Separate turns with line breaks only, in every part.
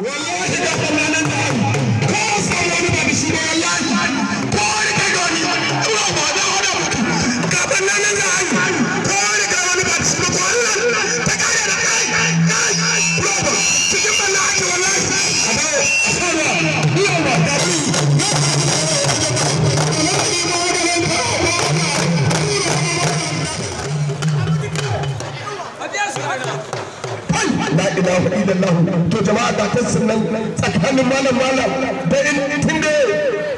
wallahi da kwallanan da ko sau wani ba da shi ba wallahi ko la ilaha illallah to jama'a ga tassin nan tsakanin malam malam da in tunde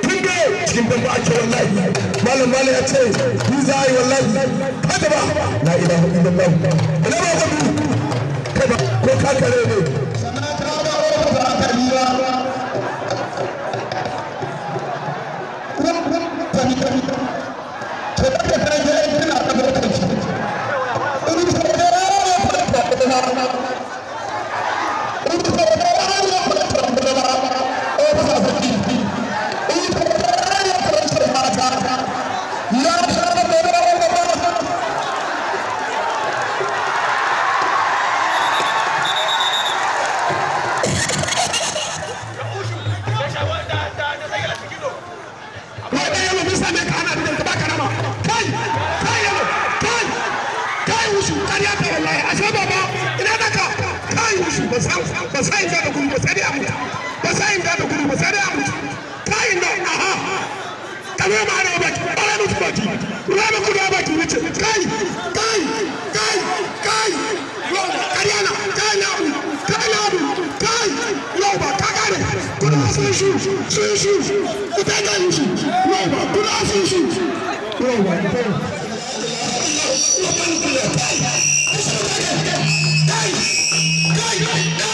tunde cikin dabba ake wallahi malam malam ya ce ni za a yi wallahi kada ba la ilaha illallah ina ba gudu kada ko kakare ne ba sa yin da gudu ba sai a mutu ba sa yin da gudu ba sai a mutu ta yin da aha kano ma na baki bara mutu baki rama kudu a baki wuce kai kai kai kai karyana kai na abu kai na abu kai yau ba ka kare a sun shi sun shi kuta ta yi shi yau ba kudu a sun shi yau ba ta Hey! Hey! Hey!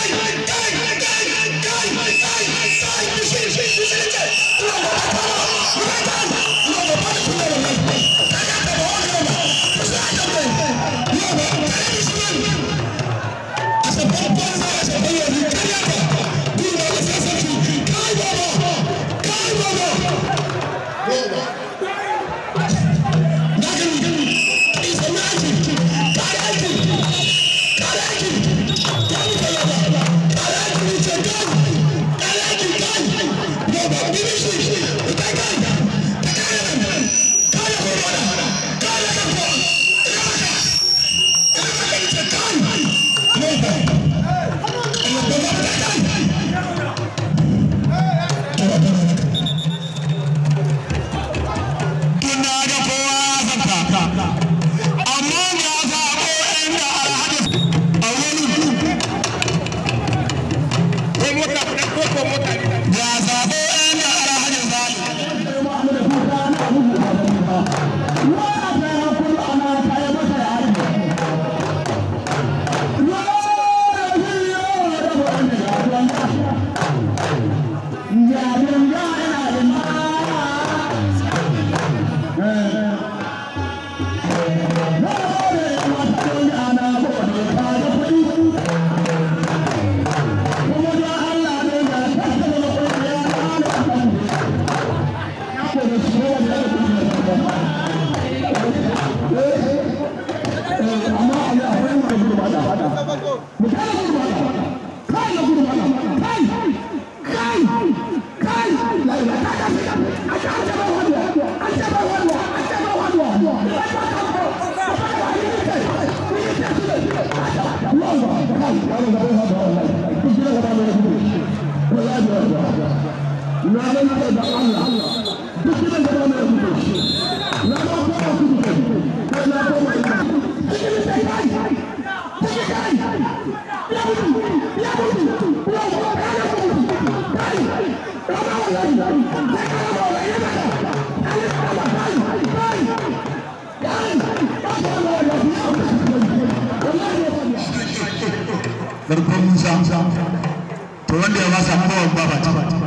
Vamos! Garkon Musa, to wanda ya ba sa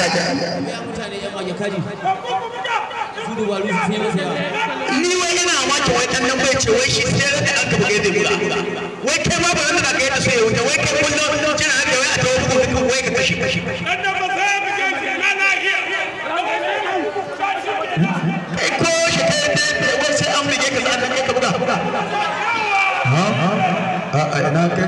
ni wai ina mata wai dan nan bai ce wai shi sai da aka tafi gaida mura wai kai ma ba nan da yi da sai wuta wai kai kullum kina da wai a tawo bugu wai ka kashi kashi kashi. ko shi ta da wai sai an bige ka za ka buga a ina kai